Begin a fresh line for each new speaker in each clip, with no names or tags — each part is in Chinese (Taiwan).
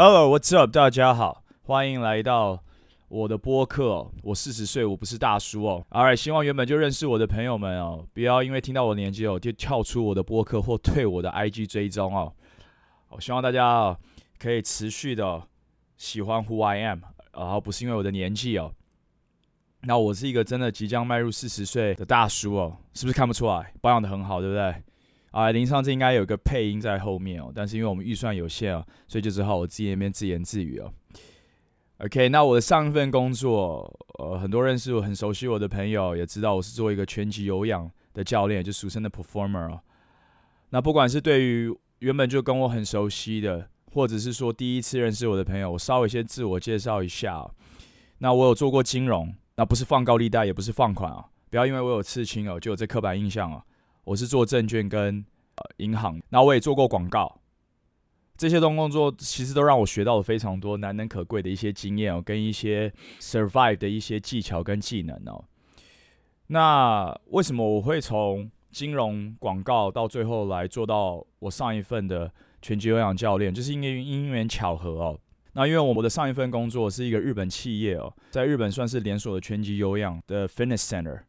Hello, what's up？大家好，歡迎來到我的播客哦。我四十歲，我不是大叔哦。Alright，希望原本就認識我的朋友們哦，不要因為聽到我的年紀哦，就跳出我的播客或退我的 IG 追蹤哦。我希望大家哦，可以持續的喜歡 Who I Am，然後哦，不是因為我的年紀哦。那我是一個真的即將邁入四十歲的大叔哦，是不是看不出來？保養的很好，對不對？啊，Alright, 林，上次應該有個配音在後面哦、喔，但是因為我們預算有限啊、喔，所以就只好我自己那邊自言自語哦、喔。OK，那我的上一份工作，呃，很多認識我很熟悉我的朋友也知道我是做一個拳擊有氧的教練，就俗稱的 performer、喔。那不管是對於原本就跟我很熟悉的，或者是說第一次認識我的朋友，我稍微先自我介紹一下、喔。那我有做過金融，那不是放高利貸，也不是放款啊、喔，不要因為我有刺青哦、喔，就有這刻板印象啊、喔。我是做證券跟呃銀行，那我也做過廣告，這些東工作其實都讓我學到了非常多難能可貴的一些經驗哦，跟一些 survive 的一些技巧跟技能哦。那為什麼我會從金融廣告到最後來做到我上一份的拳擊有氧教練，就是因為因緣巧合哦。那因為我的上一份工作是一個日本企業哦，在日本算是連鎖的拳擊有氧的 fitness center。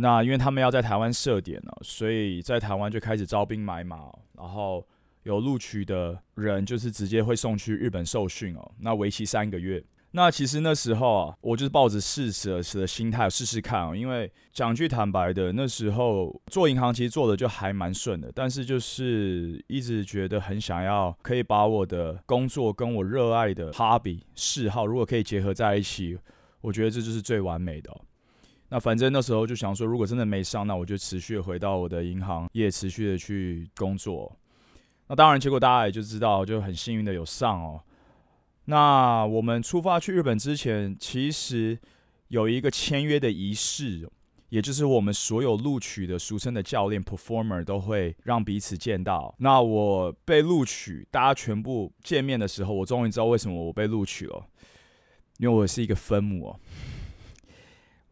那因為他們要在台灣設點了，喔，所以在台灣就開始招兵買馬，喔，然後有錄取的人就是直接會送去日本受訓哦。那為期三個月。那其實那時候啊，我就是抱着試試的心態試試看哦，喔。因為講句坦白的，那時候做銀行其實做的就還蠻順的，但是就是一直覺得很想要可以把我的工作跟我熱愛的 hobby 嗜好，如果可以結合在一起，我覺得這就是最完美的，喔。那反正那時候就想說，如果真的沒上，那我就持續回到我的銀行業，也持續的去工作。那當然，結果大家也就知道，就很幸運的有上哦。那我們出發去日本之前，其實有一個簽約的儀式，也就是我們所有錄取的俗稱的教練 （performer） 都會讓彼此見到。那我被錄取，大家全部見面的時候，我終於知道為什麼我被錄取了，因為我是一個分母。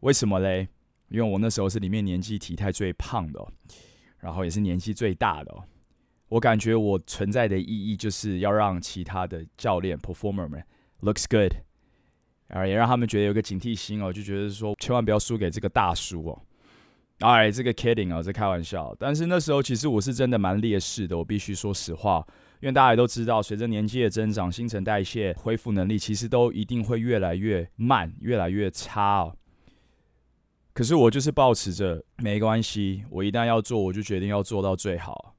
為什麼嘞？因為我那時候是裡面年紀體態最胖的哦，然後也是年紀最大的哦。我感覺我存在的意義就是要讓其他的教練 performer 們 looks good，然後也讓他們覺得有個警惕心哦，就覺得說千萬不要輸給這個大叔哦。哎，這個 kidding 哦，在開玩笑。但是那時候其實我是真的蠻劣勢的，我必須說實話哦。因為大家也都知道，隨着年紀的增長，新陳代謝、恢復能力其實都一定會越來越慢，越來越差哦。可是我就是抱持著，沒關係，我一旦要做，我就決定要做到最好。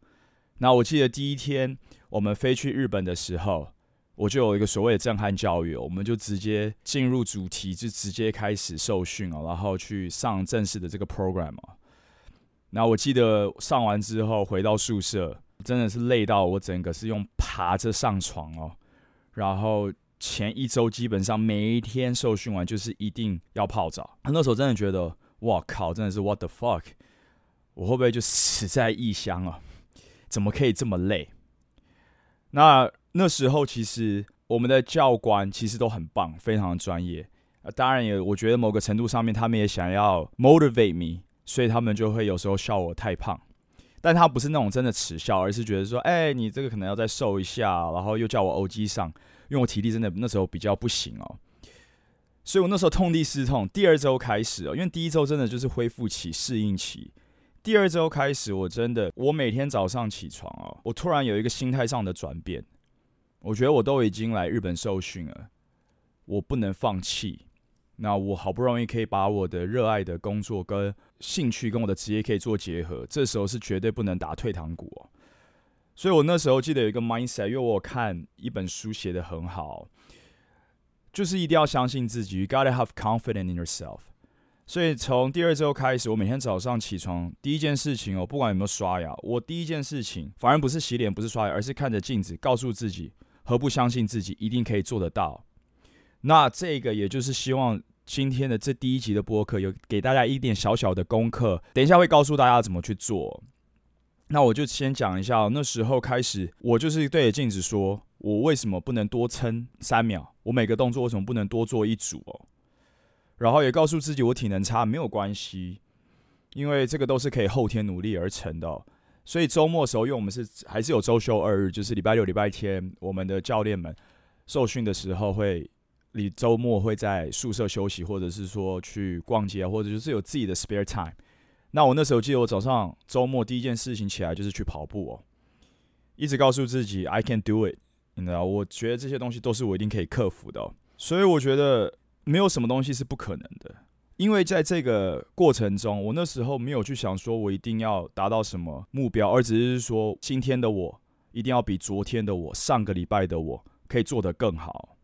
那我記得第一天我們飛去日本的時候，我就有一個所謂的震撼教育，我們就直接進入主題，就直接開始受訓哦，然後去上正式的這個 program 哦、喔。那我記得上完之後回到宿舍，真的是累到我整個是用爬着上床哦、喔。然後前一周基本上每一天受訓完就是一定要泡澡，那時候真的覺得。哇靠！真的是 What the fuck！我會不會就死在異鄉了？怎麼可以這麼累？那那時候其實我們的教官其實都很棒，非常專業。啊，當然也，我覺得某個程度上面，他們也想要 motivate me，所以他們就會有時候笑我太胖，但他不是那種真的恥笑，而是覺得說，哎、欸，你這個可能要再瘦一下，然後又叫我 OG 上，因為我體力真的那時候比較不行哦。所以，我那時候痛定思痛，第二週開始哦。因為第一週真的就是恢復期、適應期。第二週開始，我真的，我每天早上起床哦，我突然有一個心態上的轉變，我覺得我都已經來日本受訓了，我不能放棄。那我好不容易可以把我的熱愛的工作跟興趣跟我的職業可以做結合，這時候是絕對不能打退堂鼓哦。所以我那時候記得有一個 mindset，因為我看一本書寫得很好。就是一定要相信自己 you gotta have confidence in yourself。所以從第二周開始，我每天早上起床第一件事情哦，不管有沒有刷牙，我第一件事情反而不是洗臉，不是刷牙，而是看着鏡子，告訴自己何不相信自己，一定可以做得到。那這個也就是希望今天的這第一集的播客，有給大家一點小小的功課。等一下會告訴大家怎麼去做。那我就先講一下哦，那時候開始，我就是對着鏡子說。我為什麼不能多撐三秒？我每個動作為什麼不能多做一組哦？然後也告訴自己，我體能差沒有關係，因為這個都是可以後天努力而成的哦。所以週末的時候，因為我們是還是有周休二日，就是禮拜六、禮拜天，我們的教練們受訓的時候會，你週末會在宿舍休息，或者是說去逛街，或者就是有自己的 spare time。那我那時候記得，我早上週末第一件事情起來就是去跑步哦，一直告訴自己，I can do it。我覺得這些東西都是我一定可以克服的，所以我覺得沒有什麼東西是不可能的。因為在這個過程中，我那時候沒有去想說我一定要達到什麼目標，而只是說今天的我一定要比昨天的我、上個禮拜的我可以做得更好。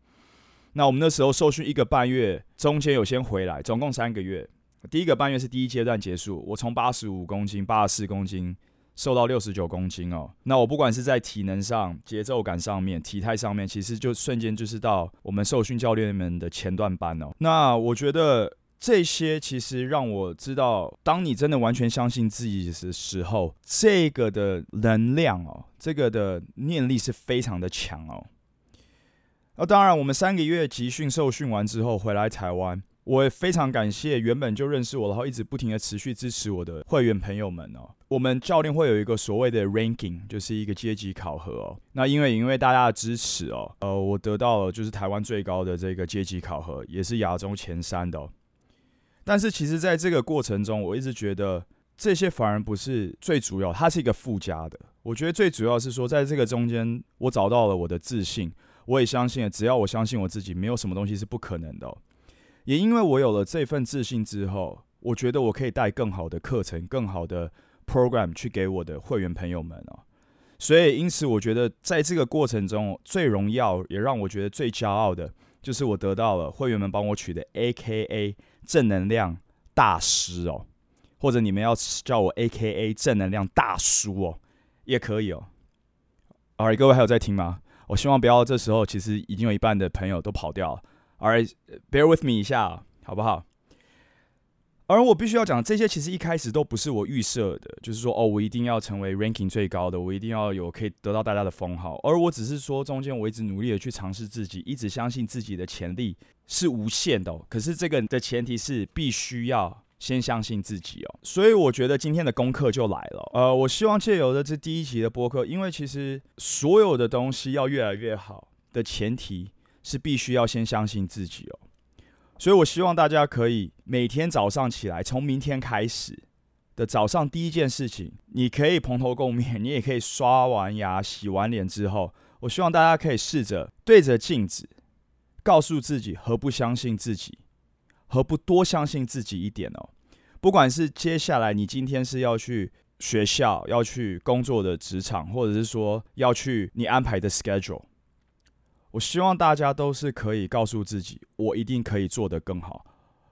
那我們那時候受訓一個半月，中間有先回來，總共三個月。第一個半月是第一階段結束，我從八十五公斤，八十四公斤。瘦到六十九公斤哦，那我不管是在體能上、節奏感上面、體態上面，其實就瞬間就是到我們受訓教練們的前段班哦。那我覺得這些其實讓我知道，當你真的完全相信自己的時候，這個的能量哦，這個的念力是非常的強哦。那、哦、當然，我們三個月集訓受訓完之後回來台灣。我也非常感謝原本就認識我，然後一直不停的持續支持我的會員朋友們哦。我們教練會有一個所謂的 ranking，就是一個階級考核哦。那因為因為大家的支持哦，呃，我得到了就是台灣最高的這個階級考核，也是亞洲前三的哦。但是其實，在這個過程中，我一直覺得這些反而不是最主要，它是一個附加的。我覺得最主要是說，在這個中間，我找到了我的自信。我也相信，只要我相信我自己，沒有什麼東西是不可能的哦。也因為我有了這份自信之後，我覺得我可以帶更好的課程、更好的 program 去給我的會員朋友們哦。所以，因此我覺得在這個過程中，最榮耀也讓我覺得最驕傲的，就是我得到了會員們幫我取的 AKA 正能量大師哦，或者你們要叫我 AKA 正能量大叔哦，也可以哦。Alright，各位還有在聽嗎？我希望不要這時候，其實已經有一半的朋友都跑掉了。All right，bear with me 一下，好不好？而我必須要講，這些其實一開始都不是我預設的，就是說，哦，我一定要成為 ranking 最高的，我一定要有可以得到大家的封號。而我只是說，中間我一直努力的去嘗試自己，一直相信自己的潛力是無限的。可是這個的前提是必須要先相信自己哦。所以我覺得今天的功課就來了。呃，我希望借由的這第一集的播客，因為其實所有的東西要越來越好的前提。是必須要先相信自己哦，所以我希望大家可以每天早上起來，從明天開始的早上第一件事情，你可以蓬頭垢面，你也可以刷完牙、洗完臉之後，我希望大家可以試着對着鏡子，告訴自己何不相信自己，何不多相信自己一點哦。不管是接下來你今天是要去學校、要去工作的職場，或者是說要去你安排的 schedule。我希望大家都是可以告訴自己，我一定可以做得更好，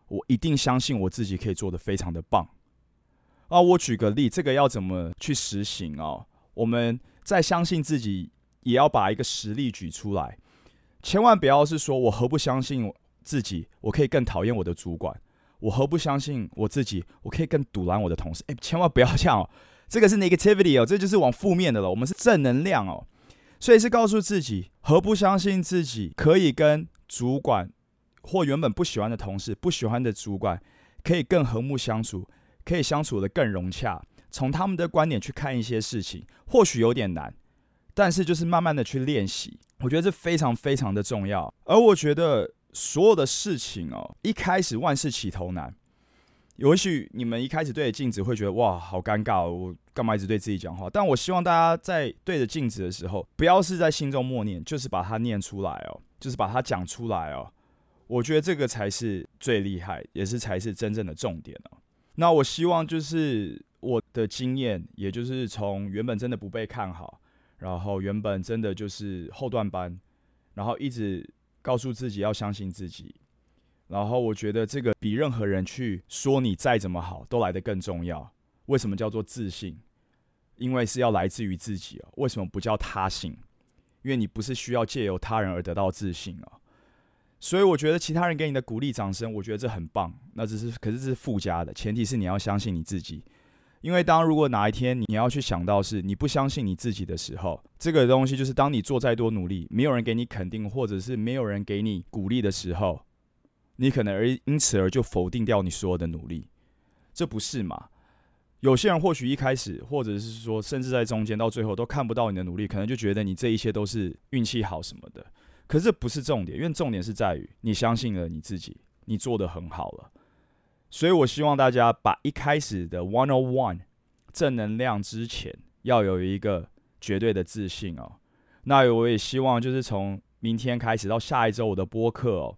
我一定相信我自己可以做得非常的棒啊！我舉個例，這個要怎麼去實行啊？哦，我們再相信自己，也要把一個實例舉出來，千萬不要是說我何不相信自己，我可以更討厭我的主管，我何不相信我自己，我可以更阻攔我的同事，哎，千萬不要這樣，哦。這個是 negativity 哦，這就是往負面的了，我們是正能量哦。所以是告訴自己，何不相信自己可以跟主管或原本不喜歡的同事、不喜歡的主管，可以更和睦相處，可以相處得更融洽。從他們的觀點去看一些事情，或許有點難，但是就是慢慢的去練習，我覺得這非常非常的重要。而我覺得所有的事情哦，一開始萬事起頭難。也許你們一開始對着鏡子會覺得哇，好尷尬哦，我幹嘛一直對自己講話？但我希望大家在對着鏡子的時候，不要是在心中默念，就是把它念出來哦，就是把它講出來哦。我覺得這個才是最厲害，也是才是真正的重點哦。那我希望就是我的經驗，也就是從原本真的不被看好，然後原本真的就是後段班，然後一直告訴自己要相信自己。然後我覺得這個比任何人去說你再怎麼好都來得更重要。為什麼叫做自信？因為是要來自於自己哦。為什麼不叫他信？因為你不是需要借由他人而得到自信哦。所以我覺得其他人給你的鼓勵、掌聲，我覺得這很棒。那只是可是這是附加的，前提是你要相信你自己。因為當如果哪一天你要去想到是你不相信你自己的時候，這個東西就是當你做再多努力，沒有人給你肯定，或者是沒有人給你鼓勵的時候。你可能而因此而就否定掉你所有的努力，這不是嗎？有些人或許一開始，或者是說，甚至在中間到最後都看不到你的努力，可能就覺得你這一切都是運氣好什麼的。可是這不是重點，因為重點是在於你相信了你自己，你做得很好了。所以，我希望大家把一開始的 One On One 正能量，之前要有一個絕對的自信哦。那我也希望就是從明天開始到下一周我的播客哦。